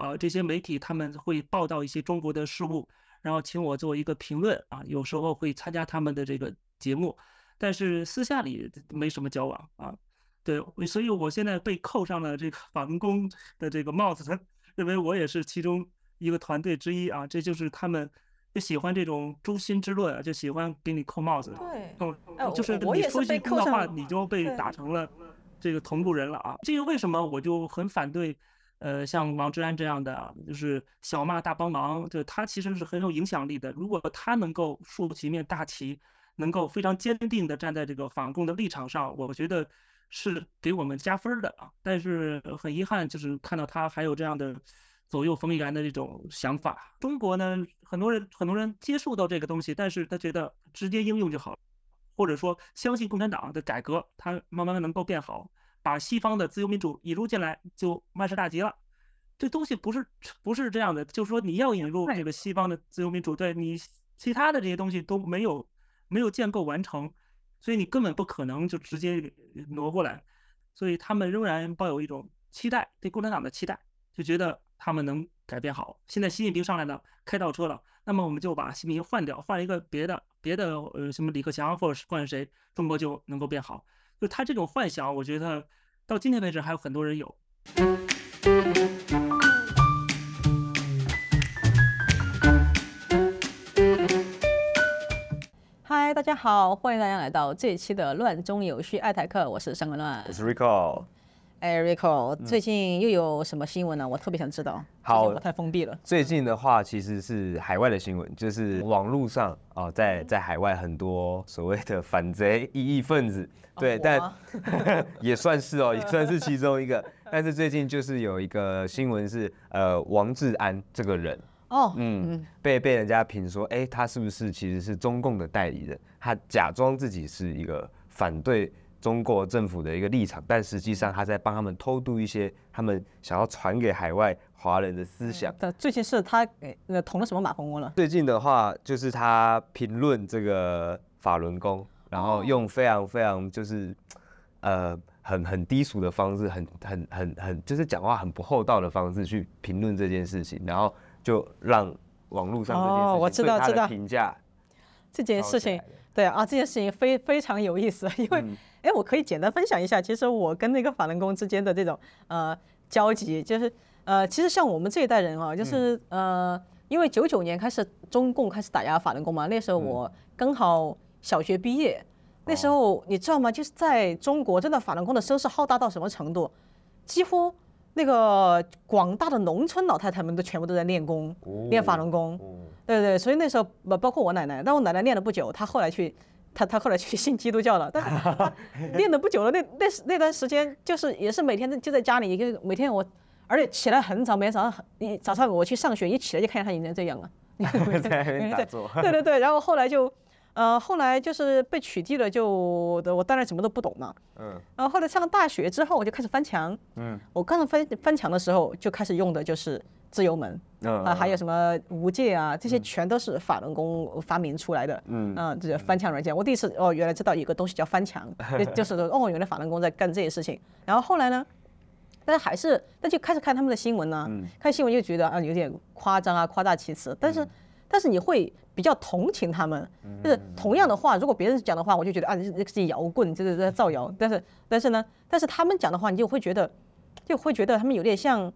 啊、呃，這些媒體他們會報道一些中國的事務，然後請我做一個評論啊，有時候會參加他們的這個節目，但是私下裡沒什麼交往啊。對，所以我現在被扣上了這個法輪功的這個帽子，認為我也是其中一個團隊之一啊。這就是他們就喜歡這種誅心之論啊，就喜歡給你扣帽子。對，就、哦哦哦哦哦哦哦哦、是你出去說話，你就被打成了這個同路人了啊。這個為什麼我就很反對。呃，像王志安這樣的，就是小罵大幫忙，就他其實是很有影響力的。如果他能夠豎起一面大旗，能夠非常堅定地站在這個反共的立場上，我覺得是給我們加分的啊。但是很遺憾，就是看到他還有這樣的左右逢源的這種想法。中國呢，很多人很多人接受到這個東西，但是他覺得直接應用就好了，或者說相信共產黨的改革，它慢慢能夠變好。把西方的自由民主引入進來就萬事大吉了，這東西不是不是這樣的。就是說你要引入這個西方的自由民主，對你其他的這些東西都沒有沒有建構完成，所以你根本不可能就直接挪過來。所以他們仍然抱有一種期待，對共產黨的期待，就覺得他們能改變好。現在習近平上來了，開倒車了，那麼我們就把習近平換掉，換一個別的別的呃什麼李克強或者是換誰，中國就能夠變好。就他這種幻想，我覺得。到今天為止，還有很多人有。嗨，大家好，歡迎大家來到這一期的《亂中有序》愛台客，我是上官亂。It's recall. Eric 最近又有什麼新聞呢、啊嗯？我特別想知道。好，太封閉了。最近的話，其實是海外的新聞、嗯，就是網路上哦，在在海外很多所謂的反賊、異議分子，嗯、對，哦、但 也算是哦， 也算是其中一個。但是最近就是有一個新聞是，呃，王志安這個人哦，嗯，被、嗯、被人家評說，哎、欸，他是不是其實是中共的代理人？他假裝自己是一個反對。中國政府的一個立場，但實際上他在幫他們偷渡一些他們想要傳給海外華人的思想。但最近是他捅了什麼馬蜂窩呢？最近的話，就是他評論這個法輪功，然後用非常非常就是，呃，很很低俗的方式，很很很很就是講話很不厚道的方式去評論這件事情，然後就讓網絡上這件事情對他的評價，這件事情。對啊，這件事情非非常有意思，因為、嗯，誒，我可以簡單分享一下，其實我跟那個法輪功之間的這種呃交集，就是呃，其實像我們這一代人啊，就是、嗯、呃，因為九九年開始中共開始打壓法輪功嘛，那時候我剛好小學畢業，嗯、那時候你知道嗎？就是在中國，真的法輪功的聲勢浩大到什麼程度，幾乎。那個廣大的農村老太太們都全部都在練功，哦、練法輪功，對對，所以那時候包括我奶奶，但我奶奶練了不久，她後來去，她她後來去信基督教了，但她練了不久了，那那那段時間就是也是每天就在家裡，一個每天我，而且起來很早，每天早上一早上我去上學，一起來就看見她已經這樣了， 對，對對對，然後後來就。呃，後來就是被取締了就，就我當然什麼都不懂嘛。嗯。然後後來上大學之後，我就開始翻牆。嗯。我剛，剛翻翻牆的時候，就開始用的就是自由門。嗯。啊，還有什麼無界啊，嗯、這些全都是法輪功發明出來的。嗯。啊，這個翻牆軟件，我第一次哦，原來知道有個東西叫翻牆，嗯、就是說 哦，原來法輪功在幹這些事情。然後後來呢，但是還是，那就開始看他們的新聞呢、啊。嗯。看新聞就覺得啊，有點誇張啊，誇大其詞。但是，嗯、但是你會。比較同情他們，就是同樣的話，如果別人講的話，我就覺得啊，這是搖滾，這、就是在造謠。但是，但是呢，但是他們講的話，你就會覺得，就會覺得他們有點像，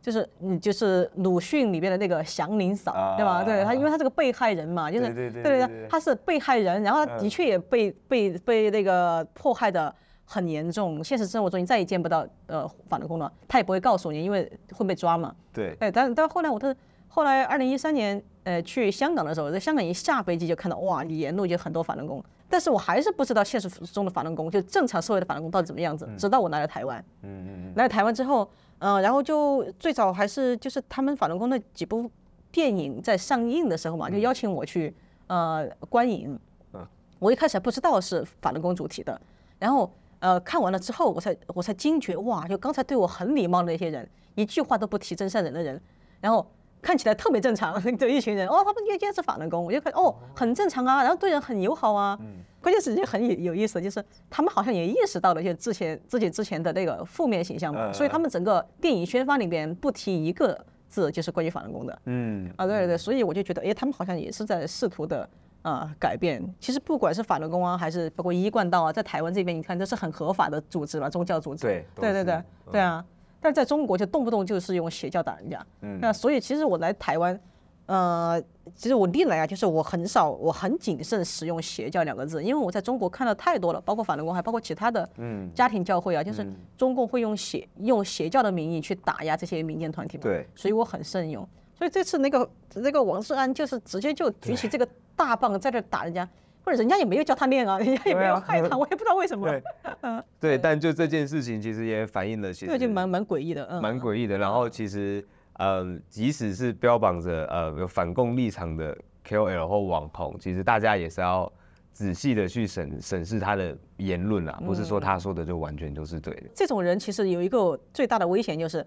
就是你就是魯迅裡邊的那個祥林嫂，啊、對吧？對他，因為他是個被害人嘛，就是對對對，對，他是被害人，然後他的確也被被被那個迫害的很嚴重。呃、現實生活中你再也見不到呃法輪功了，他也不會告訴你，因為會被抓嘛。對、欸，但但後來我都。後來二零一三年，呃，去香港的時候，在香港一下飛機就看到哇，沿路就很多法輪功。但是我還是不知道現實中的法輪功，就正常社會的法輪功到底怎麼樣子。直到我來了台灣，嗯嗯，來了台灣之後，嗯、呃，然後就最早還是就是他們法輪功那幾部電影在上映的時候嘛，就邀請我去呃觀影。嗯，我一開始還不知道是法輪功主題的，然後呃看完了之後，我才我才驚覺哇，就剛才對我很禮貌的那些人，一句話都不提真善忍的人，然後。看起來特別正常的 一群人哦，他們就堅持法輪功，我就看哦，很正常啊，然後對人很友好啊。嗯。關鍵是就很有有意思，就是他們好像也意識到了，就之前自己之前的那個負面形象嘛，呃、所以他們整個電影宣發裡邊不提一個字就是關於法輪功的。嗯。啊，對對，對，所以我就覺得，哎，他們好像也是在試圖的啊、呃、改變。其實不管是法輪功啊，還是包括一貫道啊，在台灣這邊，你看這是很合法的組織嘛，宗教組織。對。對對對，嗯、對啊。但是在中國就動不動就是用邪教打人家，嗯，那所以其實我來台灣，呃，其實我歷來啊就是我很少，我很謹慎使用“邪教”兩個字，因為我在中國看了太多了，包括法輪功還包括其他的家庭教會啊，就是中共會用邪、嗯、用邪教的名義去打壓這些民間團體嘛，對，所以我很慎用。所以這次那個那個王志安就是直接就舉起這個大棒在這打人家。或者人家也沒有教他練啊，人家也沒有害他，啊，我也不知道為什麼。對，嗯、對，但就這件事情，其實也反映了，其實就蠻蠻詭異的，蠻詭異的。然後其實，呃，即使是標榜着呃有反共立場的 KOL 或網紅，其實大家也是要仔細的去審審視他的言論啊。不是說他說的就完全都是對的，嗯。這種人其實有一個最大的危險，就是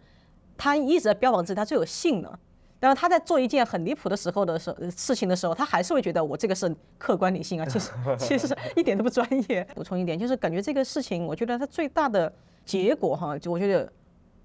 他一直在標榜自己，他最有性了。然後他在做一件很離譜的時候的事事情的時候，他還是會覺得我這個是客觀理性啊，其、就、實、是、其實一點都不專業。 補充一點，就是感覺這個事情，我覺得它最大的結果哈，就我覺得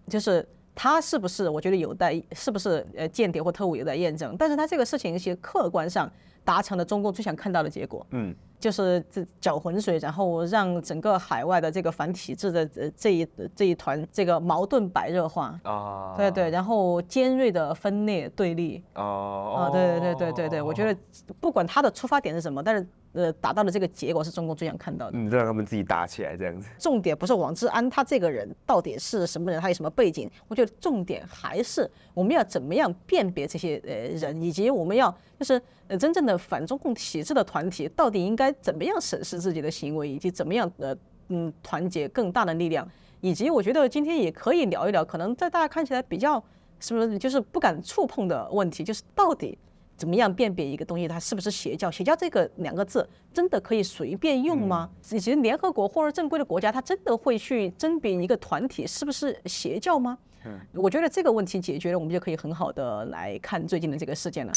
就是他是不是，我覺得有待是不是呃間諜或特務有待驗證。但是他這個事情其實客觀上，達成了中共最想看到的結果，嗯，就是這攪渾水，然後讓整個海外的這個反體制的呃這一這一團這個矛盾白熱化啊，哦、對，對對，然後尖銳的分裂對立哦，哦，對對對對對對、哦，我覺得不管他的出發點是什麼，但是呃，達到的這個結果是中共最想看到的，嗯，讓他們自己打起來這樣子。重點不是王志安他這個人到底是什麼人，他有什麼背景？我覺得重點還是我們要怎麼樣辨別這些呃人，以及我們要就是。呃，真正的反中共體制的團體到底應該怎麼樣審視自己的行為，以及怎麼樣的嗯團結更大的力量，以及我覺得今天也可以聊一聊，可能在大家看起來比較是不是就是不敢觸碰的問題，就是到底怎麼樣辨別一個東西它是不是邪教？邪教這個兩個字真的可以隨便用嗎？以及聯合國或者正規的國家，它真的會去甄別一個團體是不是邪教嗎？嗯，我覺得這個問題解決了，我們就可以很好的來看最近的這個事件了。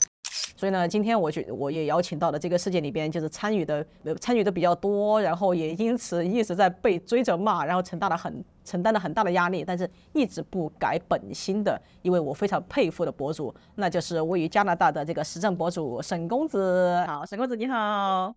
所以呢，今天我就，我也邀請到了這個世界裡邊，就是參與的參與的比較多，然後也因此一直在被追着罵，然後承擔了很承擔了很大的壓力，但是一直不改本心的，因為我非常佩服的博主，那就是位於加拿大的這個時政博主沈公子。好，沈公子你好。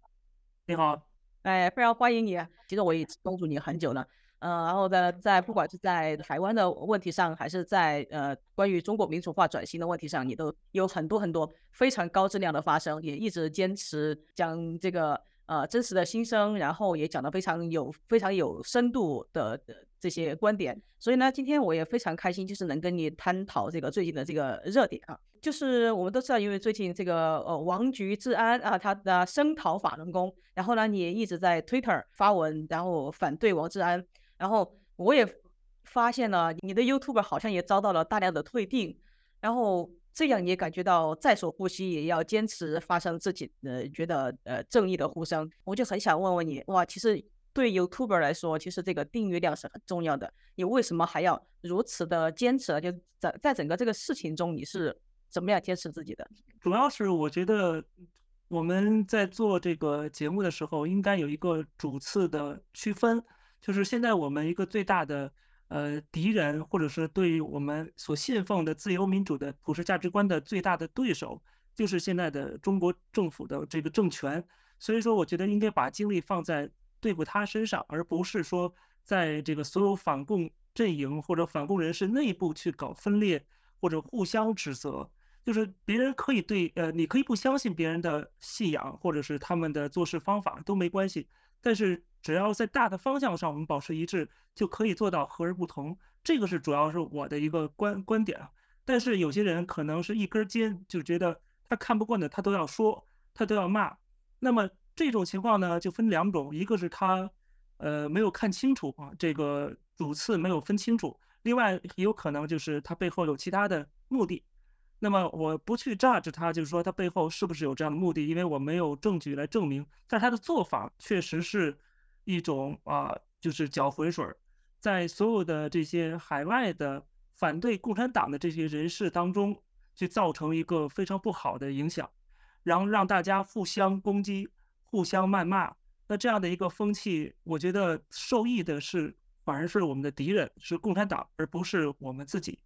你好。哎，非常歡迎你。其實我也關注你很久了。嗯，然後呢，在不管是在台灣的問題上，還是在呃關於中國民主化轉型的問題上，你都有很多很多非常高質量的發聲，也一直堅持講這個呃真實的心聲，然後也講得非常有非常有深度的這些觀點。所以呢，今天我也非常開心，就是能跟你探討這個最近的這個熱點啊，就是我們都知道，因為最近這個呃王志安啊，他的聲討法輪功，然後呢，你一直在推特發文，然後反對王志安。然後我也發現了你的 YouTube 好像也遭到了大量的退訂，然後這樣你感覺到在所不惜也要堅持發聲自己，呃，覺得呃正義的呼聲，我就很想問問你，哇，其實對 YouTuber 來說，其實這個訂閱量是很重要的，你為什麼還要如此的堅持？就在在整個這個事情中，你是怎麼樣堅持自己的？主要是我覺得我們在做這個節目的時候，應該有一個主次的區分。就是現在我們一個最大的呃敵人，或者是對於我們所信奉的自由民主的普世價值觀的最大的對手，就是現在的中國政府的這個政權。所以說，我覺得應該把精力放在對付他身上，而不是說在這個所有反共陣營或者反共人士內部去搞分裂或者互相指責。就是別人可以對呃，你可以不相信別人的信仰或者是他們的做事方法都沒關係，但是。只要在大的方向上我們保持一致，就可以做到和而不同。這個是主要是我的一個觀觀點啊。但是有些人可能是一根筋，就覺得他看不慣的，他都要說，他都要罵。那麼這種情況呢，就分兩種：一個是他，呃，沒有看清楚啊，這個主次沒有分清楚；另外也有可能就是他背後有其他的目的。那麼我不去 judge 他，就是說他背後是不是有這樣的目的，因為我沒有證據來證明。但他的做法確實是。一種啊，就是攪渾水，在所有的這些海外的反對共產黨的這些人士當中，去造成一個非常不好的影響，然後讓大家互相攻擊、互相謾罵。那這樣的一個風氣，我覺得受益的是反而是我們的敵人，是共產黨，而不是我們自己。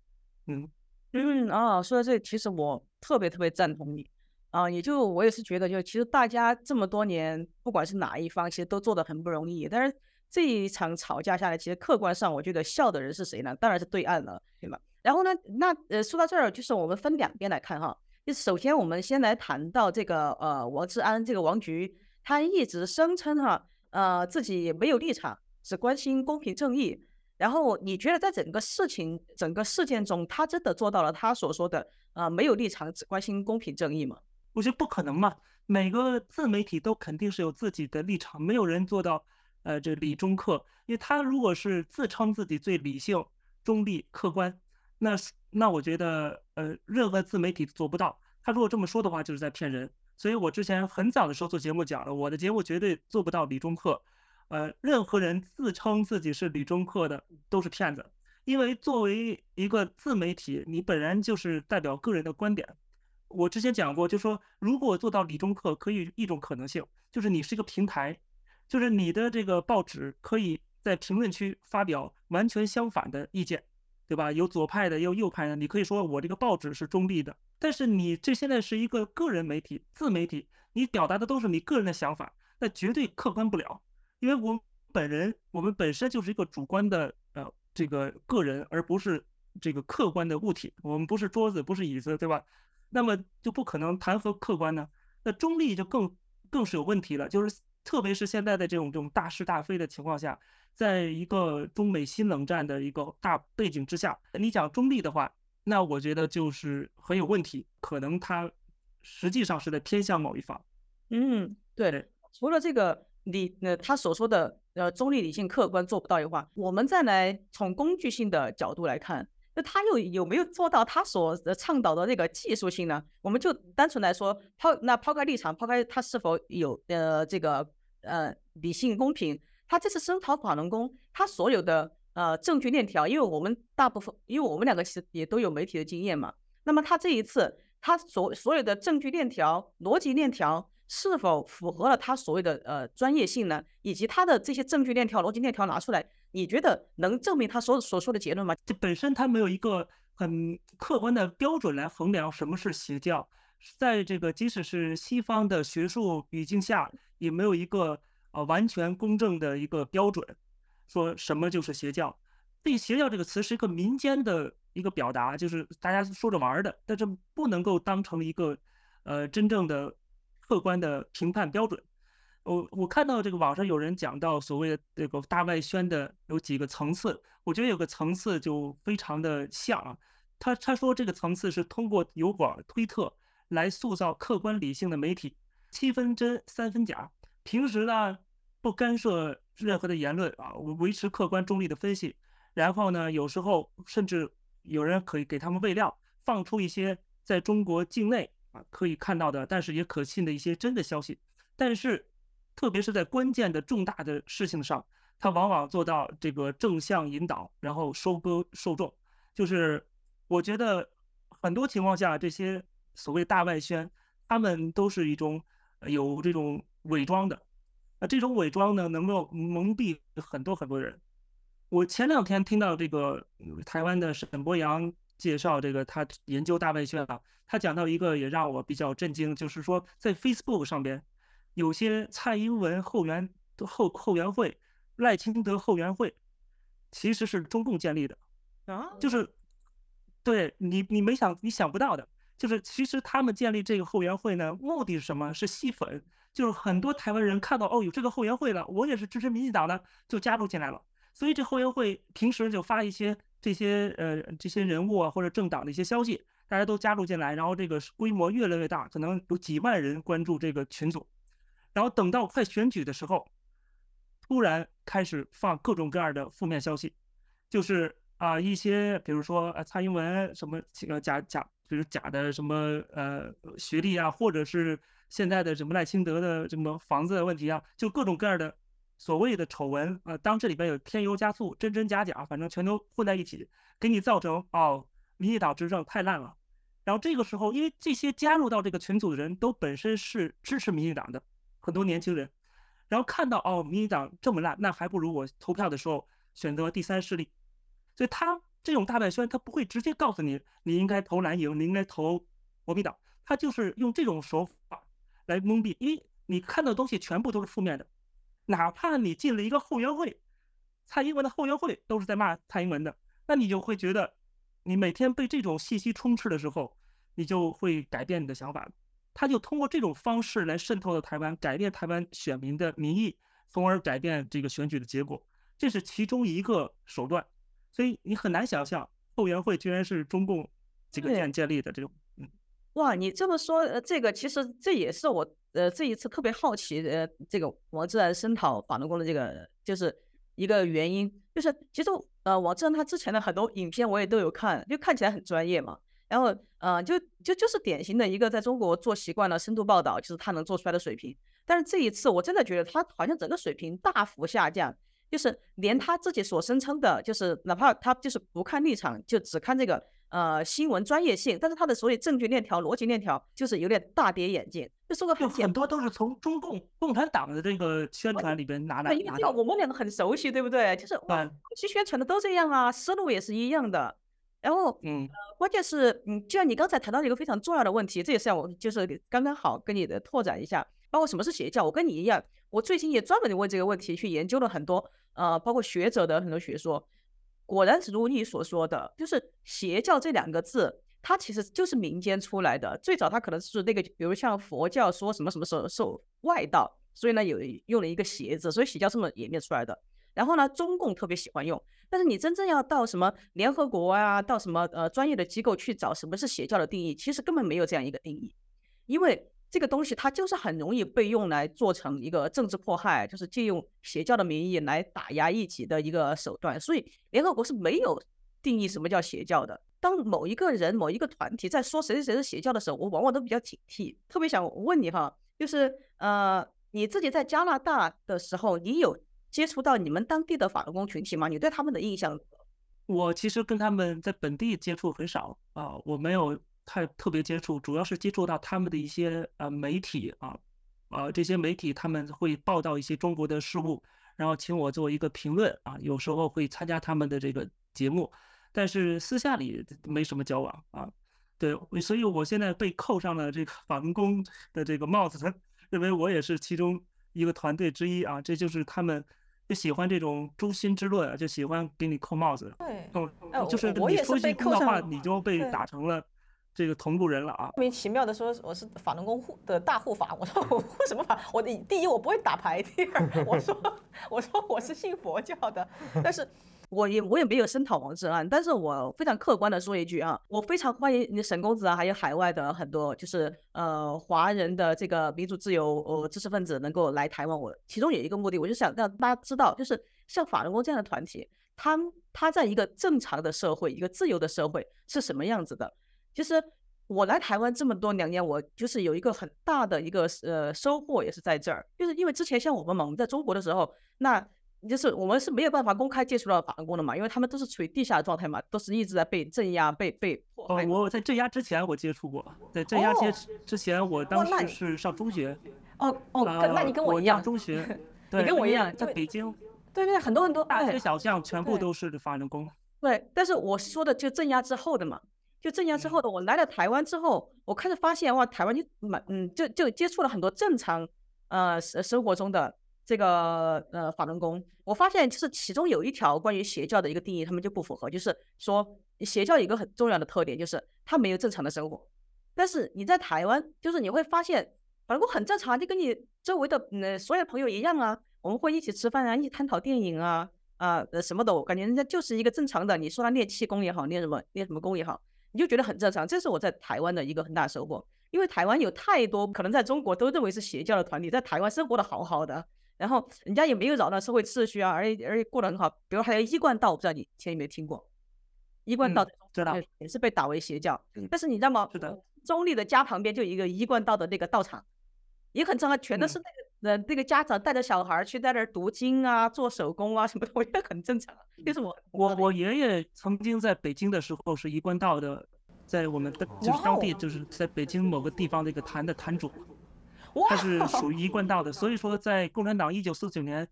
嗯嗯啊，說到這裡，其實我特別特別贊同你。啊，也就我也是覺得就，就其實大家這麼多年，不管是哪一方，其實都做得很不容易。但是這一場吵架下來，其實客觀上，我覺得笑的人是誰呢？當然是對岸了，對吧？然後呢，那呃，說到這兒，就是我們分兩邊來看哈。就是，首先，我們先來談到這個呃，王志安這個王局，他一直聲稱哈，呃，自己也沒有立場，只關心公平正義。然後你覺得在整個事情、整個事件中，他真的做到了他所說的呃，沒有立場，只關心公平正義嗎？我覺得不可能嘛，每個自媒體都肯定是有自己的立場，沒有人做到，呃，這理中客，因為他如果是自稱自己最理性、中立、客觀，那那我覺得，呃，任何自媒體做不到。他如果這麼說的話，就是在騙人。所以我之前很早的時候做節目講了，我的節目絕對做不到理中客，呃，任何人自稱自己是理中客的都是騙子，因為作為一個自媒體，你本人就是代表個人的觀點。我之前講過，就說如果做到理中客，可以一種可能性，就是你是一個平台，就是你的這個報紙可以在評論區發表完全相反的意見，對吧？有左派的，有右派的，你可以說我這個報紙是中立的。但是你這現在是一個個人媒體、自媒體，你表達的都是你個人的想法，那絕對客觀不了。因為我本人，我們本身就是一個主觀的呃這個個人，而不是這個客觀的物體。我們不是桌子，不是椅子，對吧？那麼就不可能談何客觀呢？那中立就更更是有問題了。就是特別是現在的這種這種大是大非的情況下，在一個中美新冷戰的一個大背景之下，你講中立的話，那我覺得就是很有問題。可能他實際上是在偏向某一方。嗯，對的。除了這個理，呃，他所說的呃中立、理性、客觀做不到的話，我們再來從工具性的角度來看。那他又有,有沒有做到他所的倡導的那個技術性呢？我們就單純來說，拋那拋開立場，拋開他是否有呃這個呃理性公平，他這次聲討法輪功，他所有的呃證據鏈條，因為我們大部分，因為我們兩個其實也都有媒體的經驗嘛，那麼他這一次他所所有的證據鏈條、邏輯鏈條是否符合了他所謂的呃專業性呢？以及他的這些證據鏈條、邏輯鏈條拿出來。你覺得能證明他所所說的結論嗎？這本身他沒有一個很客觀的標準來衡量什麼是邪教，在這個即使是西方的學術語境下，也沒有一個呃完全公正的一個標準，說什麼就是邪教。所以“邪教”這個詞是一個民間的一個表達，就是大家說着玩的，但是不能夠當成一個呃真正的客觀的評判標準。我我看到這個網上有人講到所謂的這個大外宣的有幾個層次，我覺得有個層次就非常的像啊，他他說這個層次是通過油管、推特來塑造客觀理性的媒體，七分真三分假，平時呢不干涉任何的言論啊，維持客觀中立的分析，然後呢有時候甚至有人可以給他們餵料，放出一些在中國境內啊可以看到的，但是也可信的一些真的消息，但是。特別是在關鍵的重大的事情上，他往往做到這個正向引導，然後收割受眾。就是我覺得很多情況下，這些所謂大外宣，他們都是一種有這種偽裝的。那這種偽裝呢，能夠蒙蔽很多很多人。我前兩天聽到這個台灣的沈伯洋介紹這個他研究大外宣了，啊，他講到一個也讓我比較震驚，就是說在 Facebook 上邊。有些蔡英文後援後後援會，賴清德後援會，其實是中共建立的啊，就是對你你沒想你想不到的，就是其實他們建立這個後援會呢，目的是什麼？是吸粉，就是很多台灣人看到哦有這個後援會了，我也是支持民進黨的，就加入進來了。所以這後援會平時就發一些這些呃這些人物啊或者政黨的一些消息，大家都加入進來，然後這個規模越來越大，可能有幾萬人關注這個群組。然後等到快選舉的時候，突然開始放各種各樣的負面消息，就是啊，一些比如說，啊、蔡英文什麼呃假假，比如假的什麼呃學歷啊，或者是現在的什麼賴清德的什麼房子的問題啊，就各種各樣的所謂的醜聞啊。當這裡邊有添油加醋，真真假假，反正全都混在一起，給你造成哦，民進黨執政太爛了。然後這個時候，因為這些加入到這個群組的人都本身是支持民進黨的。很多年輕人，然後看到哦，民進黨這麼爛，那還不如我投票的時候選擇第三勢力。所以他這種大外宣，他不會直接告訴你，你應該投藍營，你應該投國民黨，他就是用這種手法來蒙蔽，因為你看到的東西全部都是負面的，哪怕你進了一個後援會，蔡英文的後援會都是在罵蔡英文的，那你就會覺得你每天被這種信息充斥的時候，你就會改變你的想法。他就通過這種方式來滲透到台灣，改變台灣選民的民意，從而改變這個選舉的結果。這是其中一個手段，所以你很難想象，後援會居然是中共這個建、建立的這種。嗯，哇，你這麼說，呃，這個其實這也是我，呃，這一次特別好奇的，呃，這個王志安聲討法輪功的這個，就是一個原因，就是其實，呃，王志安他之前的很多影片我也都有看，因為看起來很專業嘛。然後，嗯、呃，就就就是典型的一個在中國做習慣了深度報道，就是他能做出來的水平。但是這一次，我真的覺得他好像整個水平大幅下降，就是連他自己所聲稱的，就是哪怕他就是不看立場，就只看這個呃新聞專業性，但是他的所有證據鏈條、邏輯鏈條，就是有點大跌眼鏡。就說很多都是從中共共產黨的這個宣傳裡邊拿來的。因為這個我們兩個很熟悉，對不對？就是，嗯，其實宣傳的都這樣啊，思路也是一樣的。然後，嗯，關鍵是，嗯，就像你剛才談到一個非常重要的問題，這也是讓我就是剛剛好跟你的拓展，一下，包括什麼是邪教。我跟你一樣，我最近也專門的問這個問題去研究了很多，呃，包括學者的很多學說。果然，是如你所說的，就是邪教這兩個字，它其實就是民間出來的，最早它可能是那個，比如像佛教說什麼什麼時候受外道，所以呢有用了一個邪字，所以邪教這麼演變出來的。然後呢，中共特別喜歡用。但是你真正要到什麼聯合國啊，到什麼呃專業的機構去找什麼是邪教的定義，其實根本沒有這樣一個定義，因為這個東西它就是很容易被用來做成一個政治迫害，就是借用邪教的名義來打壓異己的一個手段。所以聯合國是沒有定義什麼叫邪教的。當某一個人、某一個團體在說誰誰誰是邪教的時候，我往往都比較警惕。特別想問你哈，就是呃你自己在加拿大的時候，你有接觸到你們當地的法輪功群體嗎？你對他們的印象？我其實跟他們在本地接觸很少啊，我沒有太特別接觸，主要是接觸到他們的一些呃媒體啊，呃、啊、這些媒體他們會報道一些中國的事物，然後請我做一個評論啊，有時候會參加他們的這個節目，但是私下裡沒什麼交往啊。對，所以我現在被扣上了這個法輪功的這個帽子，他認為我也是其中一個團隊之一啊，這就是他們。就喜歡這種誅心之論啊，就喜歡給你扣帽子。對，哦、嗯嗯嗯嗯，就是你說句公道話的話你、啊，你就被打成了這個同路人了啊！莫名其妙的說我是法輪功護的大護法，我說我護什麼法？我的第一我不會打牌，第二我說我說我是信佛教的，但是。 我也我也沒有聲討王志安，但是我非常客觀的說一句啊，我非常歡迎你沈公子啊，還有海外的很多就是呃華人的這個民主自由呃知識分子能夠來台灣我。我其中有一個目的，我就想讓大家知道，就是像法輪功這樣的團體，他他在一個正常的社會，一個自由的社會是什麼樣子的。其實我來台灣這麼多兩年，我就是有一個很大的一個呃收穫，也是在這兒，就是因為之前像我們嘛，我們在中國的時候，那。就是我們是沒有辦法公開接觸到法輪功的嘛，因為他們都是處於地下的狀態嘛，都是一直在被鎮壓、被被迫害的。哦，我在鎮壓之前我接觸過，在鎮壓之之前，我當時是上中學。哦、呃、哦跟，那你跟我一樣。上中學，對 你跟我一樣，在北京。對對、對，很多很多，大街小巷全部都是法輪功對對對。對，但是我說的就鎮壓之後的嘛，就鎮壓之後的，嗯、我來了台灣之後，我開始發現哇，台灣就滿嗯，就就接觸了很多正常呃生生活中的。這個呃法輪功，我發現就是其中有一條關於邪教的一個定義，他們就不符合。就是說邪教有一個很重要的特點就是他沒有正常的生活。但是你在台灣，就是你會發現法輪功很正常，就跟你周圍的嗯所有朋友一樣啊，我們會一起吃飯啊，一起探討電影啊啊什麼的。我感覺人家就是一個正常的。你說他練氣功也好，練什麼練什麼功也好，你就覺得很正常。這是我在台灣的一個很大收穫，因為台灣有太多可能在中國都認為是邪教的團體，在台灣生活得好好的。然後人家也沒有擾亂社會秩序啊，而且而且過得很好。比如還有一貫道，我不知道你以前有沒有聽過，一貫道知道也是被打為邪教，嗯。但是你知道嗎？是的。中立的家旁邊就有一個一貫道的那個道場，也很正常，全都是那個呃、嗯、那個家長帶着小孩去在那兒讀經啊、做手工啊什麼的，我也很正常。就是我我我爺爺曾經在北京的時候是一貫道的，在我們的就是當地就是在北京某個地方的一個壇的壇主。他是屬於一貫道的，wow!，所以說在共產黨一九四九年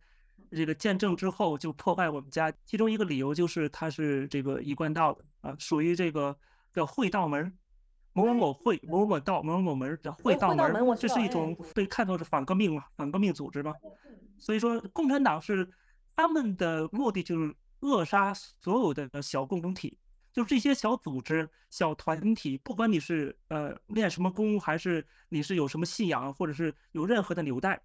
這個建政之後就破壞我們家，其中一個理由就是他是這個一貫道的啊，屬於這個叫會道門，某某某會、某某某道、某某某門叫會道門，這是一種被看作是反革命嘛，啊，反革命組織嘛，所以說共產黨是他們的目的就是扼殺所有的小共同體，就是這些小組織、小團體，不管你是呃練什麼功，還是你是有什麼信仰，或者是有任何的紐帶，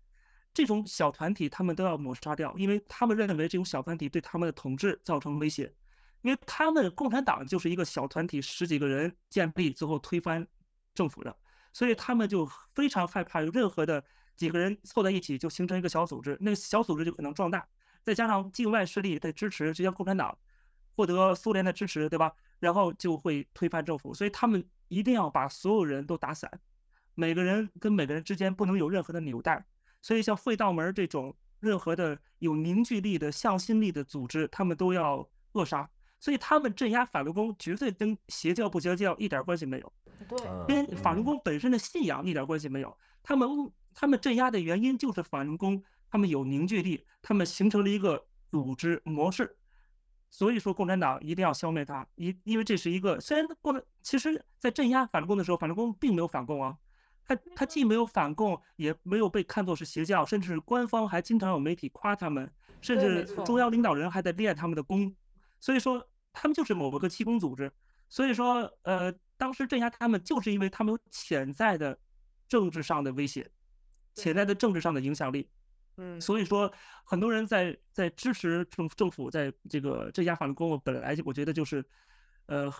這種小團體他們都要抹殺掉，因為他們認為這種小團體對他們的統治造成威脅。因為他們共產黨就是一個小團體，十幾個人建立，最後推翻政府的，所以他們就非常害怕有任何的幾個人湊在一起就形成一個小組織，那個小組織就可能壯大，再加上境外勢力在支持，這些共產黨。獲得蘇聯的支持，對吧？然後就會推翻政府，所以他們一定要把所有人都打散，每個人跟每個人之間不能有任何的紐帶。所以像會道門這種任何的有凝聚力的向心力的組織，他們都要扼殺。所以他們鎮壓法輪功，絕對跟邪教不邪教一點關係沒有，對，跟法輪功本身的信仰一點關係沒有。他們他們鎮壓的原因就是法輪功他們有凝聚力，他們形成了一個組織模式。所以說共產黨一定要消滅它，因因為這是一個雖然不能，其實，在鎮壓反共的時候，反共並沒有反共啊，他他既沒有反共，也沒有被看作是邪教，甚至官方還經常有媒體誇他們，甚至中央領導人還在練他們的功。所以說他們就是某個氣功組織。所以說，呃，當時鎮壓他們，就是因為他們有潛在的政治上的威脅，潛在的政治上的影響力。嗯，所以說，很多人在在支持政政府，在這個鎮壓法輪功，我本來就我覺得就是，呃，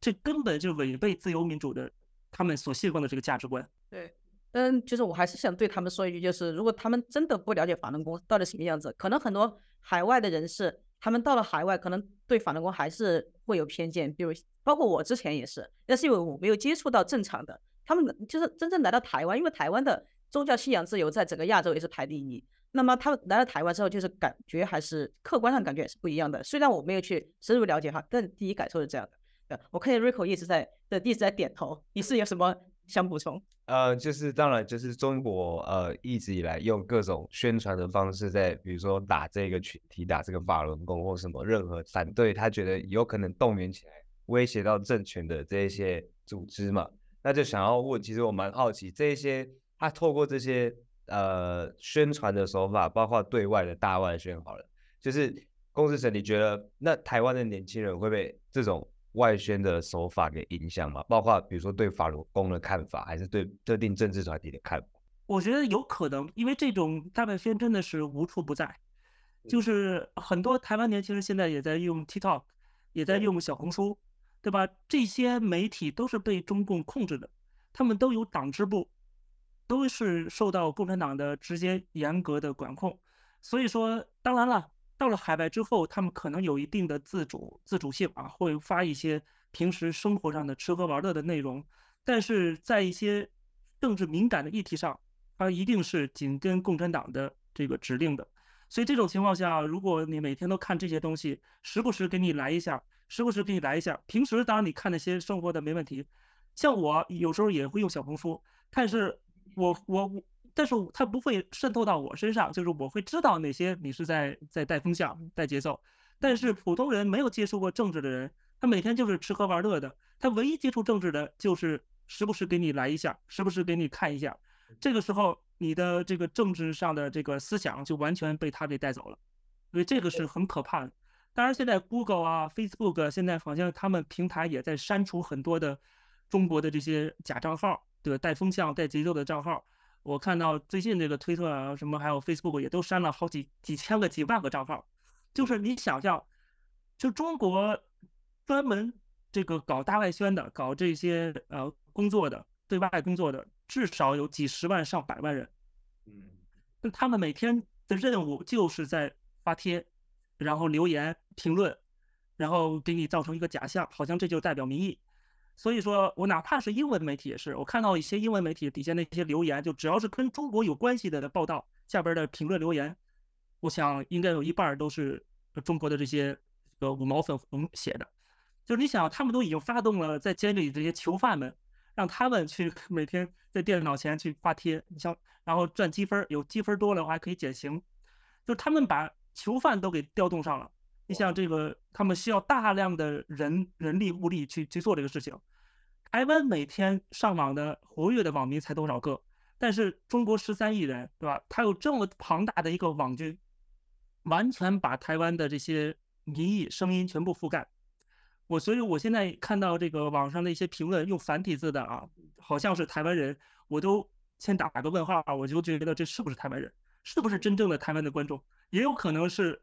這根本就違背自由民主的他們所信奉的這個價值觀。對，嗯，就是我還是想對他們說一句，就是如果他們真的不了解法輪功到底什麼樣子，可能很多海外的人士，他們到了海外，可能對法輪功還是會有偏見，比如包括我之前也是，但是因為我沒有接觸到正常的，他們就是真正來到台灣，因為台灣的。宗教信仰自由在整個亞洲也是排第一。那麼他來到台灣之後，就是感覺還是客觀上感覺也是不一樣的。雖然我沒有去深入了解哈，但第一感受是這樣的。呃，我看見 Rico 一直在的一直在點頭。你是有什麼想補充？呃，就是當然就是中國呃一直以來用各種宣傳的方式在，比如說打這個群體，打這個法輪功或什麼任何反對他覺得有可能動員起來威脅到政權的這一些組織嘛，那就想要問，其實我蠻好奇這一些。他、啊、透過這些呃宣傳的手法，包括對外的大外宣，好了，就是公子沈，你覺得那台灣的年輕人會被這種外宣的手法給影響嗎？包括比如說對法輪功的看法，還是對特定政治團體的看法？我覺得有可能，因為這種大外宣真的是無處不在。就是很多台灣年輕人現在也在用 TikTok，也在用小紅書、嗯，對吧？這些媒體都是被中共控制的，他們都有黨支部。都是受到共產黨的直接嚴格的管控，所以說當然了，到了海外之後，他們可能有一定的自主自主性啊，會發一些平時生活上的吃喝玩樂的內容，但是在一些政治敏感的議題上，他一定是緊跟共產黨的這個指令的。所以這種情況下，如果你每天都看這些東西，時不時給你來一下，時不時給你來一下。平時當然你看那些生活的沒問題，像我有時候也會用小紅書，但是。我我我，但是他不會滲透到我身上，就是我會知道哪些你是在在帶風向帶節奏，但是普通人沒有接觸過政治的人，他每天就是吃喝玩樂的，他唯一接觸政治的就是時不時給你來一下，時不時給你看一下，這個時候你的這個政治上的這個思想就完全被他給帶走了，所以這個是很可怕的。當然現在 Google 啊 Facebook 啊現在好像他們平台也在刪除很多的中國的這些假賬號。對，帶風向、帶節奏的賬號，我看到最近這個推特啊，什麼還有 Facebook 也都刪了好幾幾千個、幾萬個賬號。就是你想想，就中國專門這個搞大外宣的、搞這些呃工作的、對外工作的，至少有幾十萬上百萬人。嗯，那他們每天的任務就是在發帖，然後留言、評論，然後給你造成一個假象，好像這就代表民意。所以說我哪怕是英文媒體也是，我看到一些英文媒體底下那些留言，就只要是跟中國有關係的報道，下邊的評論留言，我想應該有一半都是中國的這些五毛粉紅寫的。就是你想，他們都已經發動了，在監獄裡這些囚犯們，讓他們去每天在電腦前去發帖，你像然後賺積分，有積分多的話還可以減刑，就是他們把囚犯都給調動上了。你像這個，他們需要大量的人人力物力去去做這個事情。台灣每天上網的活躍的網民才多少個？但是中國十三億人，對吧？他有這麼龐大的一個網軍，完全把台灣的這些民意聲音全部覆蓋。我所以，我現在看到這個網上的一些評論，用繁體字的啊，好像是台灣人，我都先打個問號啊，我就覺得這是不是台灣人？是不是真正的台灣的觀眾？也有可能是。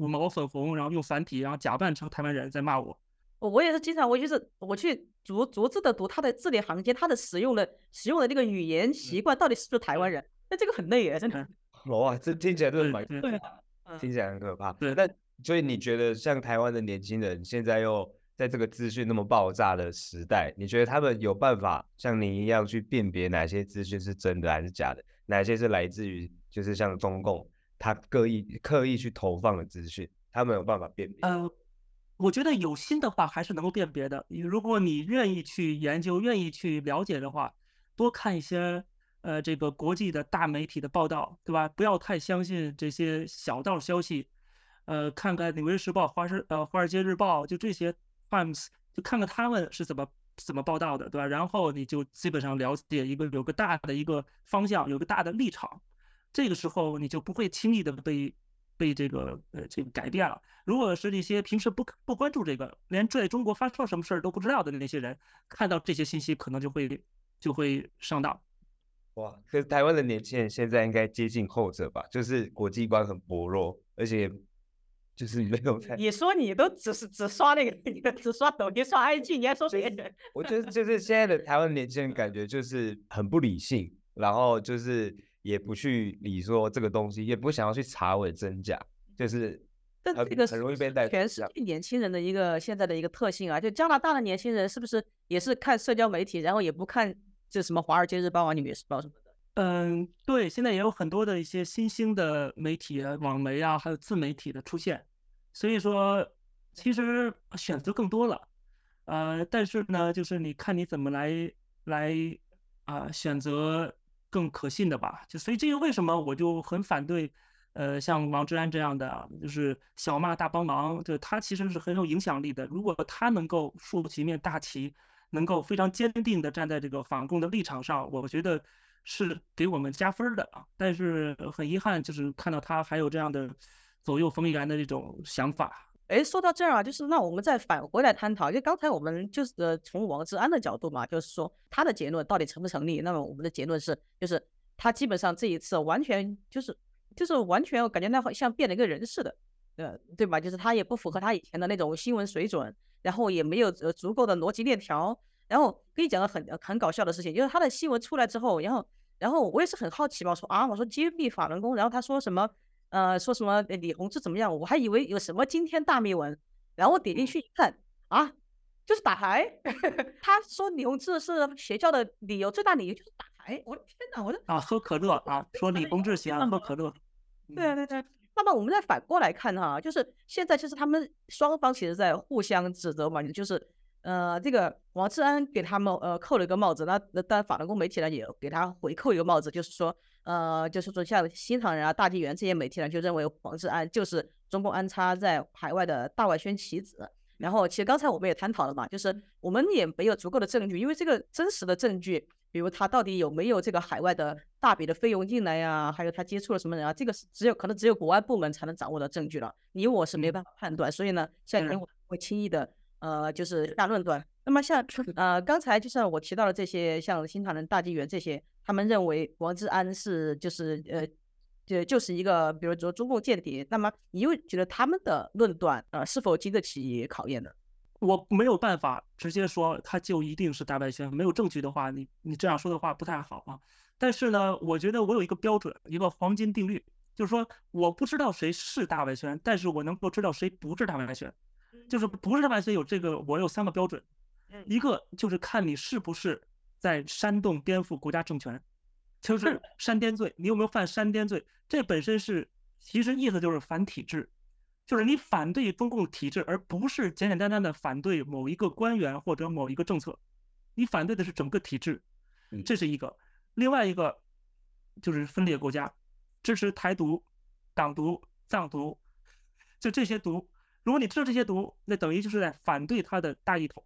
五毛粉紅，然後用繁體，然後假扮成台灣人在罵我。我也是經常，我就是我去逐逐字的讀他的字裡行間，他的使用的使用的這個語言習慣到底是不是台灣人？那、嗯、這個很累耶，嗯、真的。哇、哦，這聽起來真的蠻累、嗯，聽起來很可怕。對、嗯嗯，那所以你覺得像台灣的年輕人現在又在這個資訊那麼爆炸的時代，你覺得他們有辦法像你一樣去辨別哪些資訊是真的還是假的，哪些是來自於就是像中共？他刻意刻意去投放的資訊，他沒有辦法辨別。呃，我覺得有心的話還是能夠辨別的。如果你願意去研究，願意去了解的話，多看一些呃這個國際的大媒體的報道，對吧？不要太相信這些小道消息。呃，看看《紐約時報》、《華爾》呃《華爾街日報》就這些，Times 就看看他們是怎麼怎麼報道的，對吧？然後你就基本上了解一個有個大的一個方向，有個大的立場。這個時候你就不會輕易的被被這個呃這個改變了。如果是那些平時不不關注這個，連在中國發生什麼事兒都不知道的那些人，看到這些信息可能就會就會上當。哇，可是台灣的年輕人現在應該接近後者吧？就是國際觀很薄弱，而且就是沒有太，你說你都只是只刷那個，只刷抖音刷 IG，你還說別人。我覺得就是現在的台灣年輕人感覺就是很不理性，然後就是。也不去理說這個東西，也不想要去查我的真假，就是，但這個很容易被帶偏，全是年輕人的一個，現在的一個、啊、的一個現在的一個特性啊，就加拿大的年輕人是不是也是看社交媒體，然後也不看，這什麼《華爾街日報》啊，紐約時報什麼的？嗯，對，現在也有很多的一些新興的媒體啊，網媒啊，還有自媒體的出現，所以說其實選擇更多了，呃，但是呢，就是你看你怎麼來來啊、呃、選擇。更可信的吧，就所以這個為什麼我就很反對，呃，像王志安這樣的，啊，就是小罵大幫忙，就他其實是很有影響力的。如果他能夠豎起一面大旗，能夠非常堅定地站在這個反共的立場上，我覺得是給我們加分的啊。但是很遺憾，就是看到他還有這樣的左右逢源的這種想法。誒，說到這兒啊，就是那我們再返回來探討，就剛才我們就是從王志安的角度嘛，就是說他的結論到底成不成立？那麼我們的結論是，就是他基本上這一次完全就是就是完全，我感覺那好像變了一個人似的，呃，對吧？就是他也不符合他以前的那種新聞水準，然後也沒有呃足夠的邏輯鏈條。然後跟你講個很很搞笑的事情，就是他的新聞出來之後，然後然後我也是很好奇嘛，說啊，我說揭秘法輪功，然後他說什麼？呃，說什麼李洪志怎麼樣？我還以為有什麼驚天大秘聞，然後我點進去一看，啊，就是打牌。 他說李洪志是邪教的理由，最大理由就是打牌。我的天吶，我這啊，喝可樂啊，說李洪志喜歡喝可樂。對對對，那麼我們再反過來看哈、啊，就是現在其實他們雙方其實在互相指責嘛，就是呃，這個王志安給他們呃扣了一個帽子，那那但法輪功媒體呢也給他回扣一個帽子，就是說。呃，就是說，像《新唐人》啊、大地元這些媒體呢，就認為王志安就是中共安插在海外的大外宣棋子。然後，其實剛才我們也探討了嘛，就是我們也沒有足夠的證據，因為這個真實的證據，比如他到底有沒有這個海外的大筆的費用進來呀、啊，還有他接觸了什麼人啊，這個是只有可能只有國安部門才能掌握的證據了，你我是沒辦法判斷。嗯、所以呢，像你我不會輕易的。呃，就是大論斷。那麼像呃，剛才就像我提到了這些，像新唐人、大紀元這些，他們認為王志安是就是呃，就就是一個，比如說中共間諜。那麼你又覺得他們的論斷呃是否經得起考驗呢？我沒有辦法直接說他就一定是大外宣，沒有證據的話，你你這樣說的話不太好啊。但是呢，我覺得我有一個標準，一個黃金定律，就是說我不知道誰是大外宣，但是我能夠知道誰不是大外宣。就是不是完全有這個，我有三個標準，一個就是看你是不是在煽動顛覆國家政權，就是煽顛罪，你有沒有犯煽顛罪？這本身是其實意思就是反體制，就是你反對中共體制，而不是簡簡單單的反對某一個官員或者某一個政策，你反對的是整個體制，這是一個。另外一個就是分裂國家，支持台獨、港獨、藏獨，就這些獨。如果你知道這些毒，那等於就是在反對他的大一統，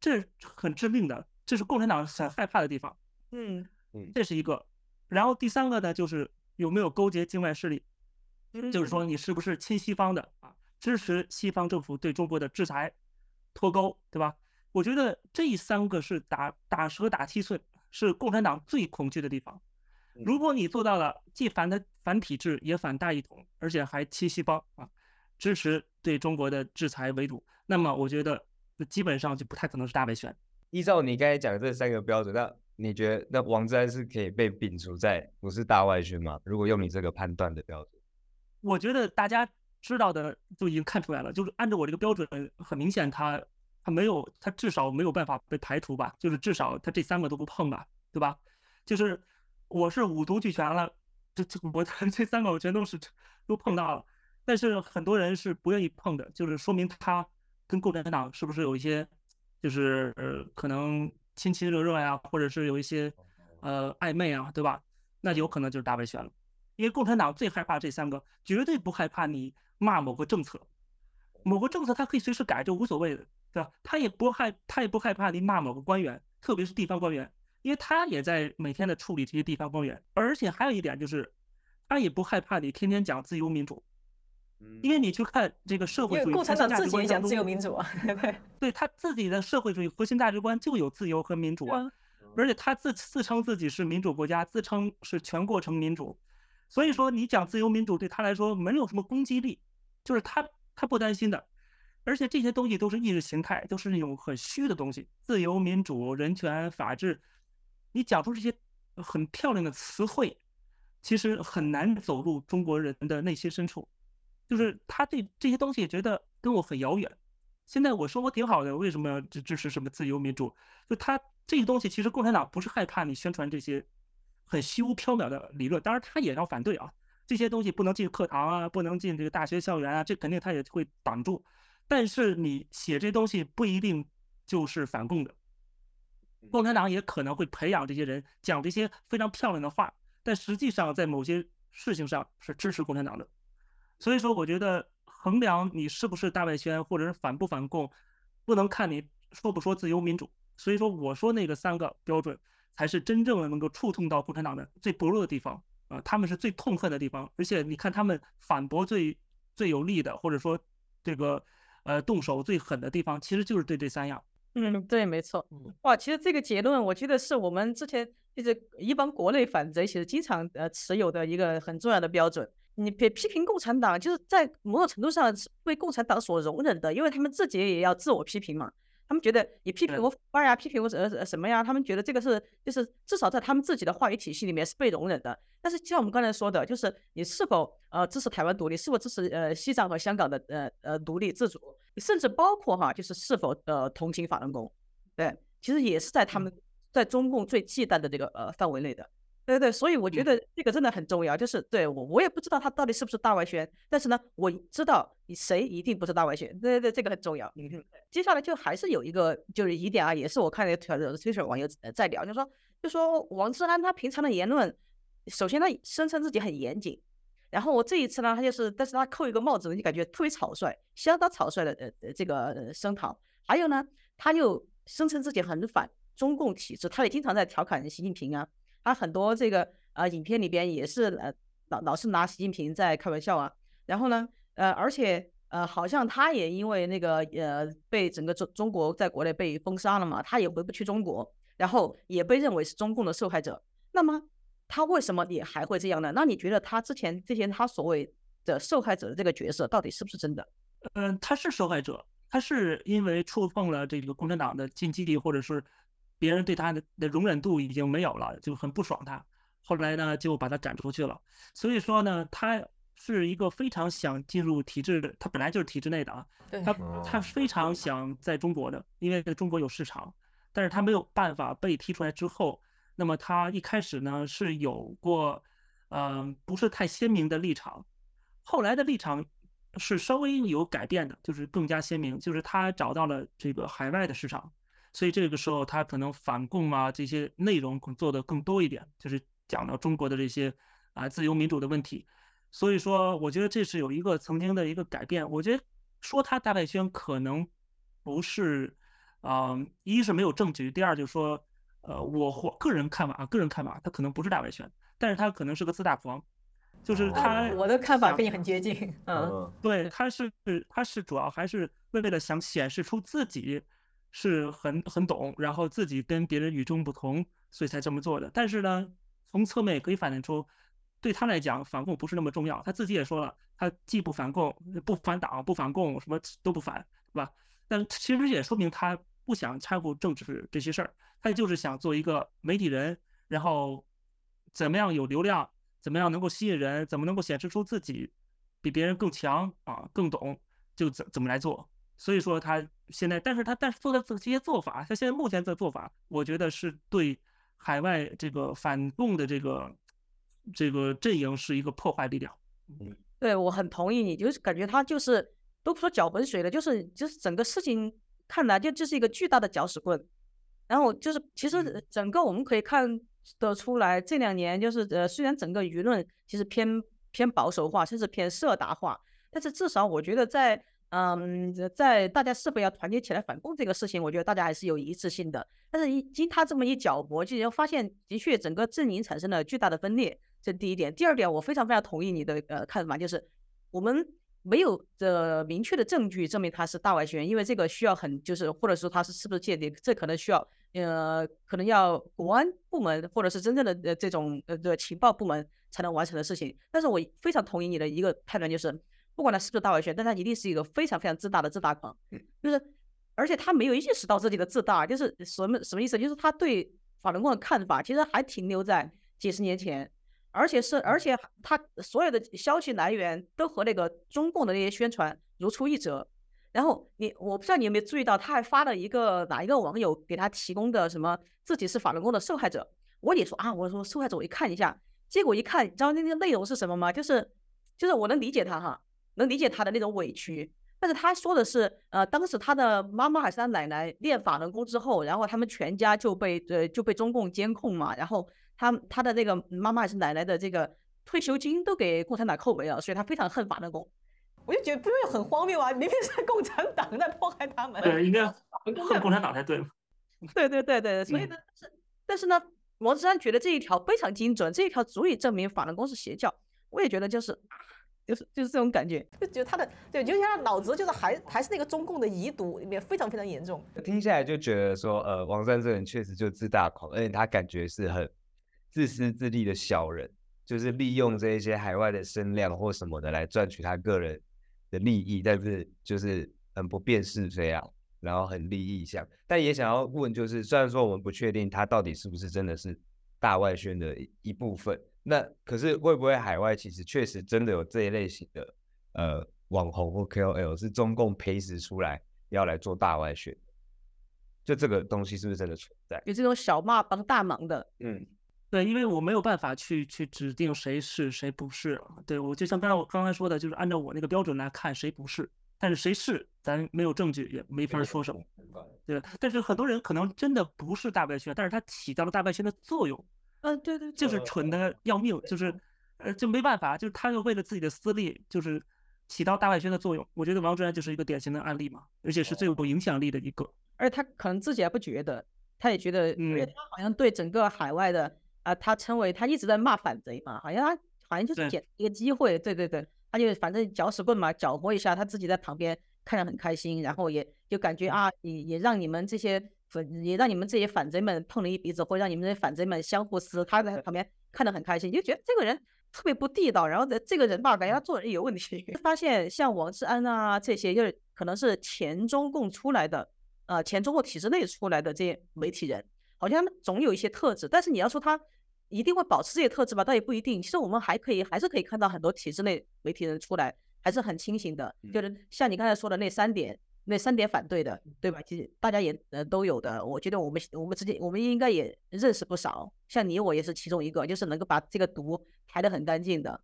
這是很致命的，這是共產黨很害怕的地方。嗯，這是一個。然後第三個呢，就是有沒有勾結境外勢力，就是說你是不是親西方的啊，支持西方政府對中國的制裁、脫鈎，對吧？我覺得這三個是打打蛇打七寸，是共產黨最恐懼的地方。如果你做到了既反的反體制，也反大一統，而且還親西方啊。支持對中國的制裁為主，那麼我覺得那基本上就不太可能是大外宣。依照你剛才講的這三個標準，那你覺得那王志安是可以被摒除在不是大外宣嗎？如果用你這個判斷的標準，我覺得大家知道的都已經看出來了，就是按照我這個標準，很明顯它它沒有，它至少沒有辦法被排除吧？就是至少它這三個都不碰吧，對吧？就是我是五毒俱全了，這這我這三個我全都是都碰到了。 但是很多人是不願意碰的，就是說明他跟共產黨是不是有一些，就是呃可能親親熱熱呀，或者是有一些呃曖昧啊，對吧？那有可能就是大外宣了，因為共產黨最害怕的這三個，絕對不害怕你罵某個政策，某個政策他可以隨時改，這無所謂的，對吧？他也不害他也不害怕你罵某個官員，特別是地方官員，因為他也在每天的處理這些地方官員，而且還有一點就是，他也不害怕你天天講自由民主。因為你去看這個社會主義共產黨自己也講自由民主啊，對，對他自己的社會主義核心價值觀就有自由和民主啊，而且他自自稱自己是民主國家，自稱是全過程民主，所以說你講自由民主對他來說沒有什麼攻擊力，就是他他不擔心的，而且這些東西都是意識形態，都是那種很虛的東西，自由民主、人權、法治，你講出這些很漂亮的詞彙，其實很難走入中國人的內心深處。就是他對這些東西覺得跟我很遙遠，現在我生活挺好的，為什麼要支支持什麼自由民主？就他這些東西，其實共產黨不是害怕你宣傳這些很虛無縹緲的理論，當然他也要反對啊，這些東西不能進課堂啊，不能進這個大學校園啊，這肯定他也會擋住。但是你寫這些東西不一定就是反共的，共產黨也可能會培養這些人講這些非常漂亮的話，但實際上在某些事情上是支持共產黨的。所以說，我覺得衡量你是不是大外宣或者是反不反共，不能看你說不說自由民主。所以說，我說那個三個標準，才是真正的能夠觸痛到共產黨的最薄弱的地方啊、呃，他們是最痛恨的地方。而且你看，他們反駁最最有力的，或者說這個呃動手最狠的地方，其實就是對這三樣。嗯，對，沒錯。哇，其實這個結論，我覺得是我們之前就是一直一幫國內反賊其實經常呃持有的一個很重要的標準。你別批評共產黨，就是在某種程度上是被共產黨所容忍的，因為他們自己也要自我批評嘛。他們覺得你批評我腐敗呀，批評我呃什麼呀？他們覺得這個是就是至少在他們自己的話語體系裡面是被容忍的。但是像我們剛才說的，就是你是否呃支持台灣獨立，是否支持呃西藏和香港的呃呃獨立自主，甚至包括哈，就是是否呃同情法輪功，對，其實也是在他們在中共最忌憚的這個呃範圍內的。對，對對，所以我覺得這個真的很重要，嗯、就是對，我我也不知道他到底是不是大外宣，但是呢，我知道誰一定不是大外宣。對對，對，這個很重要、嗯。接下來就還是有一個就是疑點啊，也是我看了一個 Twitter 網友在聊，就說就說王志安他平常的言論，首先他聲稱自己很嚴謹，然後我這一次呢，他就是但是他扣一個帽子，你感覺特別草率，相當草率的呃，呃這個聲討。還有呢，他又聲稱自己很反中共體制，他也經常在調侃習近平啊。他很多這個呃影片裡邊也是呃老老是拿習近平在開玩笑啊，然後呢呃而且呃好像他也因為那個呃被整個中中國在國內被封殺了嘛，他也回不去中國，然後也被認為是中共的受害者。那麼他為什麼也還會這樣呢？那你覺得他之前這些他所謂的受害者的這個角色到底是不是真的？嗯，他是受害者，他是因為觸碰了這個共產黨的禁忌或者是。別人對他的的容忍度已經沒有了，就很不爽他。後來呢，就把他趕出去了。所以說呢，他是一個非常想進入體制的，他本來就是體制內的啊。對。他他非常想在中國的，因為在中國有市場，但是他沒有辦法被踢出來之後，那麼他一開始呢是有過，嗯、呃，不是太鮮明的立場，後來的立場是稍微有改變的，就是更加鮮明，就是他找到了這個海外的市場。所以這個時候，他可能反共啊，這些內容可能做的更多一點，就是講到中國的這些啊、呃、自由民主的問題。所以說，我覺得這是有一個曾經的一個改變。我覺得說他大外宣可能不是，嗯、呃，一是沒有證據，第二就是說，呃，我我個人看法啊，個人看法，他可能不是大外宣，但是他可能是個自大狂，就是他，我的看法跟你很接近，嗯、oh, oh, oh，對，他是他是主要還是為了想顯示出自己。是很很懂，然後自己跟別人與眾不同，所以才這麼做的。但是呢，從側面也可以反映出，對他來講，反共不是那麼重要。他自己也說了，他既不反共，不反黨，不反共，什麼都不反，是吧？但其實也說明他不想摻和政治這些事兒，他就是想做一個媒體人，然後怎麼樣有流量，怎麼樣能夠吸引人，怎麼能夠顯示出自己比別人更強啊、更懂，就怎怎麼來做。所以說他。現在，但是他但是做的這這些做法，他現在目前的做法，我覺得是對海外這個反共的這個這個陣營是一個破壞力量。嗯，對我很同意你，你就是感覺他就是都不說攪渾水了，就是就是整個事情看來就就是一個巨大的攪屎棍。然後就是其實整個我們可以看得出來，嗯、這兩年就是呃，雖然整個輿論其實偏偏保守化，甚至偏社達化，但是至少我覺得在。嗯，在大家是否要團結起來反共這個事情，我覺得大家還是有一致性的。但是經他這麼一攪和，就發現的確整個陣營產生了巨大的分裂。這是第一點。第二點，我非常非常同意你的呃看法，就是我們沒有這明確的證據證明他是大外宣，因為這個需要很就是，或者說他是是不是間諜，這可能需要呃可能要國安部門或者是真正的呃這種呃的情報部門才能完成的事情。但是我非常同意你的一個判斷就是。不管他是不是大外宣，但他一定是一個非常非常自大的自大狂，就是，而且他沒有意識到自己的自大，就是什麼什麼意思？就是他對法輪功的看法其實還停留在幾十年前，而且是而且他所有的消息來源都和那個中共的那些宣傳如出一轍。然後你我不知道你有沒有注意到，他還發了一個哪一個網友給他提供的什麼自己是法輪功的受害者？我你說啊，我說受害者，我一看一下，結果一看，你知道那那個內容是什麼嗎？就是就是我能理解他哈。能理解他的那種委屈，但是他說的是，呃，當時他的媽媽還是他奶奶練法輪功之後，然後他們全家就被呃就被中共監控嘛，然後他他的那個媽媽還是奶奶的這個退休金都給共產黨扣沒了，所以他非常恨法輪功。我就覺得這很荒謬啊，明明是共產黨在迫害他們。對，應該恨共產黨才對。 對對對對，所以呢、嗯，但是但是呢，王志安覺得這一條非常精準，這一條足以證明法輪功是邪教。我也覺得就是。就是就是這種感覺，就覺得他的對，就像他腦子就是還還是那個中共的遺毒，裡面非常非常嚴重。聽下來就覺得說，呃，王志安這人確實就自大狂，而且他感覺是很自私自利的小人，就是利用這一些海外的聲量或什麼的來賺取他個人的利益，但是就是很不辨是非啊，然後很利益向，但也想要問，就是雖然說我們不確定他到底是不是真的是大外宣的一部分。那可是會不會海外其實確實真的有這一類型的呃網紅或 KOL 是中共培植出來要來做大外宣？就這個東西是不是真的存在？有這種小罵幫大忙的，嗯，對，因為我沒有辦法去去指定誰是誰不是，對，我就像剛才我剛才說的，就是按照我那個標準來看誰不是，但是誰是咱沒有證據也沒法說什麼，對，但是很多人可能真的不是大外宣，但是他起到了大外宣的作用。嗯，對，對對，就是蠢的要命，對對對就是，呃，就沒辦法，就是他又為了自己的私利，就是起到大外宣的作用。我覺得王志安就是一個典型的案例嘛，而且是最有影響力的一個。哦、而他可能自己還不覺得，他也覺得，嗯，他好像對整個海外的、嗯、啊，他稱為他一直在罵反賊嘛，好像他好像就是撿一個機會對，對對對，他就反正攪屎棍嘛，攪和一下，他自己在旁邊看着很開心，然後也就感覺啊，也、嗯、也讓你們這些。也讓你們這些反賊們碰了一鼻子，或者讓你們這些反賊們相互撕，他在旁邊看得很開心，就覺得這個人特別不地道。然後這這個人吧，感覺他做人有問題、嗯。發現像王志安啊這些，就是可能是前中共出來的，呃，前中共體制內出來的這些媒體人，好像他們總有一些特質。但是你要說他一定會保持這些特質吧，倒也不一定。其實我們還可以，還是可以看到很多體制內媒體人出來還是很清醒的，就是像你剛才說的那三點，那三點反對的，對吧？其實大家也呃都有的。我覺得我們我們之間我們應該也認識不少，像你我也是其中一個，就是能夠把這個毒排得很乾淨的。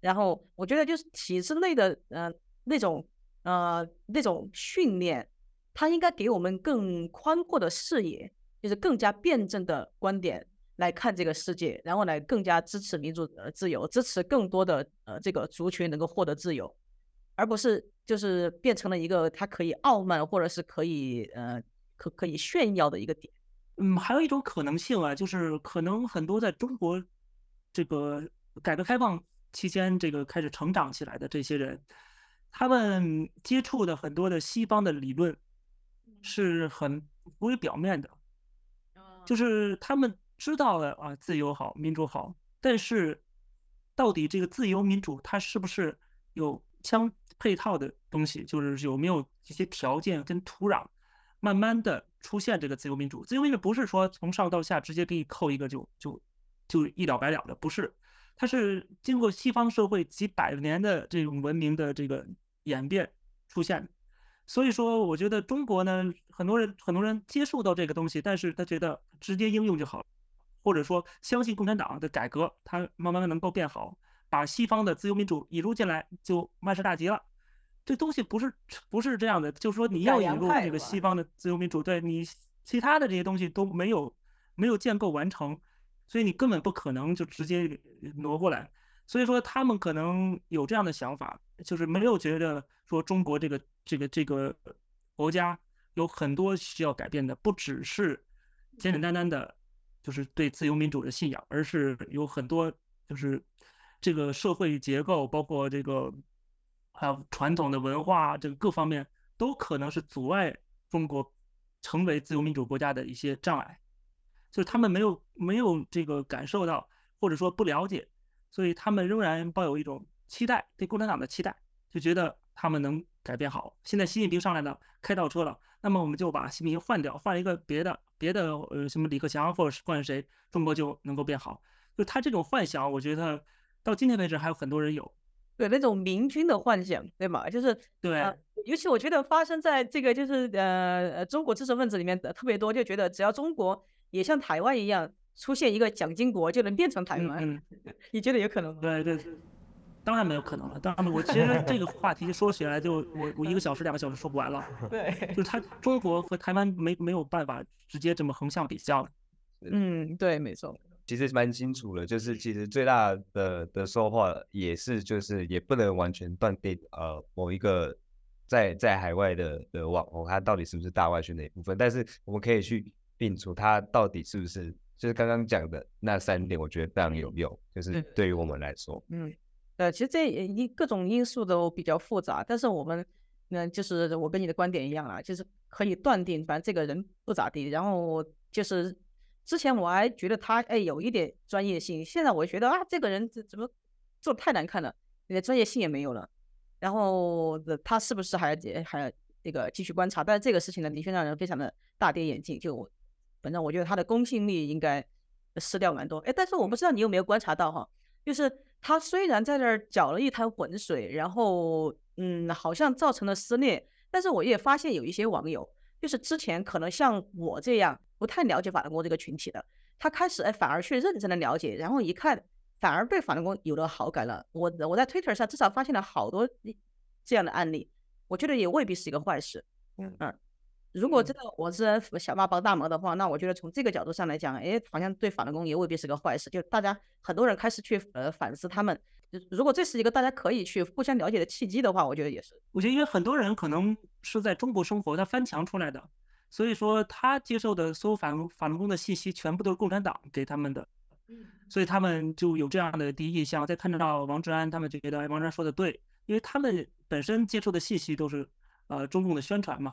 然後我覺得就是體制內的嗯、呃、那種呃那種訓練，它應該給我們更寬闊的視野，就是更加辯證的觀點來看這個世界，然後來更加支持民主呃自由，支持更多的呃這個族群能夠獲得自由，而不是。就是變成了一個他可以傲慢，或者是可以呃可可以炫耀的一個點。嗯，還有一種可能性啊，就是可能很多在中國這個改革開放期間這個開始成長起來的這些人，他們接觸的很多的西方的理論是很浮於表面的，就是他們知道了啊，自由好，民主好，但是到底這個自由民主它是不是有？相配套的東西，就是有沒有一些條件跟土壤，慢慢的出現這個自由民主。自由民主不是說從上到下直接給你扣一個就就就一了百了的，不是，它是經過西方社會幾百年的這種文明的這個演變出現的。所以說，我覺得中國呢，很多人很多人接受到這個東西，但是他覺得直接應用就好了，或者說相信共產黨的改革，它慢慢能夠變好。把西方的自由民主引入進來就萬事大吉了，這東西不是不是這樣的。就是說你要引入這個西方的自由民主，對你其他的這些東西都沒有沒有建構完成，所以你根本不可能就直接挪過來。所以說他們可能有這樣的想法，就是沒有覺得說中國這個這個這個國家有很多需要改變的，不只是簡簡單單的就是對自由民主的信仰，而是有很多就是。這個社會結構，包括這個還有傳統的文化，這個各方面都可能是阻礙中國成為自由民主國家的一些障礙。就是他們沒有沒有這個感受到，或者說不了解，所以他們仍然抱有一種期待，對共產黨的期待，就覺得他們能改變好。現在習近平上來了，開倒車了，那麼我們就把習近平換掉，換一個別的別的呃什麼李克強，或者是換誰，中國就能夠變好。就他這種幻想，我覺得。到今天為止，還有很多人有對那種明君的幻想，對嗎？就是對、呃，尤其我覺得發生在這個就是呃中國知識分子裡面的特別多，就覺得只要中國也像台灣一樣出現一個蔣經國，就能變成台灣嗯。嗯，你覺得有可能嗎？對對，當然沒有可能了。當然，我其實這個話題說起來就我我一個小時 兩個小時說不完了。對，就是他中國和台灣沒沒有辦法直接這麼橫向比較。嗯，對，沒錯。其實蠻清楚的，就是其實最大的的說話也是，就是也不能完全斷定呃某一個在在海外的的網紅他到底是不是大外宣的一部分，但是我們可以去摒除，他到底是不是就是剛剛講的那三點，我覺得非常有用、嗯，就是對於我們來說，嗯，嗯呃，其實這一各種因素都比較複雜，但是我們嗯就是我跟你的觀點一樣啊，就是可以斷定，反正這個人不咋地，然後就是。之前我還覺得他哎有一點專業性，現在我覺得啊這個人怎怎麼做太難看了，連專業性也沒有了。然後他是不是還還那個繼續觀察？但是這個事情呢，的確讓人非常的大跌眼鏡。就反正我覺得他的公信力應該失掉蠻多。哎，但是我不知道你有沒有觀察到哈，就是他雖然在這兒攪了一灘渾水，然後嗯好像造成了撕裂，但是我也發現有一些網友就是之前可能像我這樣。不太了解法輪功這個群體的，他開始哎反而去認真的了解，然後一看反而對法輪功有了好感了。我我在推特上至少發現了好多這樣的案例，我覺得也未必是一個壞事。嗯嗯、呃，如果真的我是小罵幫大忙的話、嗯，那我覺得從這個角度上來講，哎好像對法輪功也未必是個壞事。就大家很多人開始去呃反思他們，如果這是一個大家可以去互相了解的契機的話，我覺得也是。我覺得因為很多人可能是在中國生活，他翻牆出來的。所以說，他接受的所有法輪法輪功的信息，全部都是共產黨給他們的。嗯，所以他們就有這樣的第一印象。再看得到王志安，他們就覺得哎，王志安說的對，因為他們本身接觸的信息都是呃中共的宣傳嘛。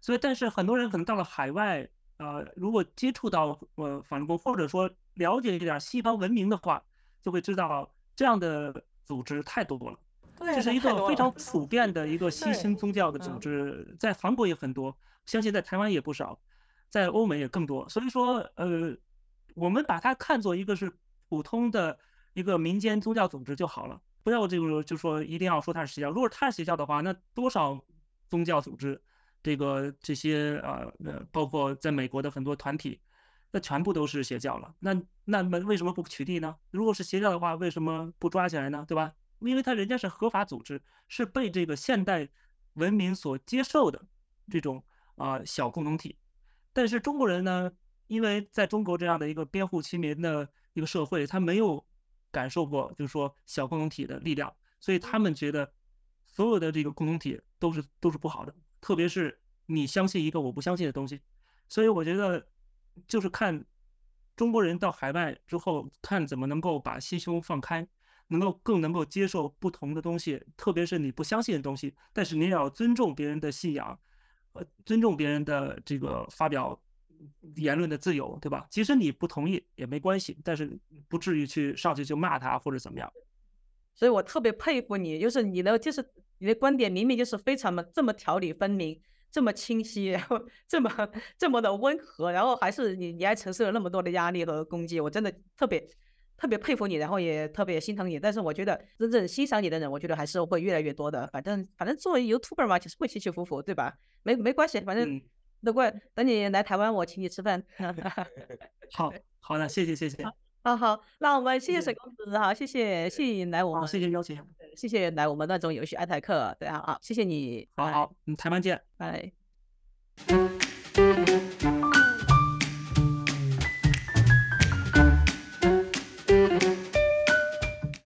所以，但是很多人可能到了海外，呃，如果接觸到呃法輪功或者說了解一點西方文明的話，就會知道這樣的組織太多了。對，這是一個非常普遍的一個新興宗教的組織，在韓國也很多。相信在台灣也不少，在歐美也更多。所以說，呃，我們把它看作一個是普通的一個民間宗教組織就好了，不要這個就說一定要說它是邪教。如果它是邪教的話，那多少宗教組織，這個這些啊呃，包括在美國的很多團體，那全部都是邪教了。那那麼為什麼不取締呢？如果是邪教的話，為什麼不抓起來呢？對吧？因為他人家是合法組織，是被這個現代文明所接受的這種。啊，小共同體，但是中國人呢，因為在中國這樣的一個編戶齊民的一個社會，他沒有感受過，就是說小共同體的力量，所以他們覺得所有的這個共同體都是都是不好的，特別是你相信一個我不相信的東西，所以我覺得就是看中國人到海外之後，看怎麼能夠把心胸放開，能夠更能夠接受不同的東西，特別是你不相信的東西，但是你也要尊重別人的信仰。尊重別人的這個發表言論的自由，對吧？其實你不同意也沒關係，但是不至於去上去就罵他或者怎麼樣。所以我特別佩服你，就是你的就是你的觀點明明就是非常的這麼條理分明、這麼清晰、然後這麼這麼的溫和，然後還是你你還承受了那麼多的壓力和攻擊，我真的特別。特別佩服你，然後也特別心疼你，但是我覺得真正欣賞你的人，我覺得還是會越來越多的。反正反正作為 YouTuber 嘛，就是會起起伏伏，對吧？沒沒關係，反正如果、嗯、等你來台灣，我請你吃飯。 好好的，謝謝謝謝。啊好，那我們謝謝沈公子、嗯，好謝謝謝謝你來我們，哦、謝謝邀請，謝謝來我們亂中有序安台客，對啊，好、啊、謝謝你。好拜拜好，我們台灣見，拜拜。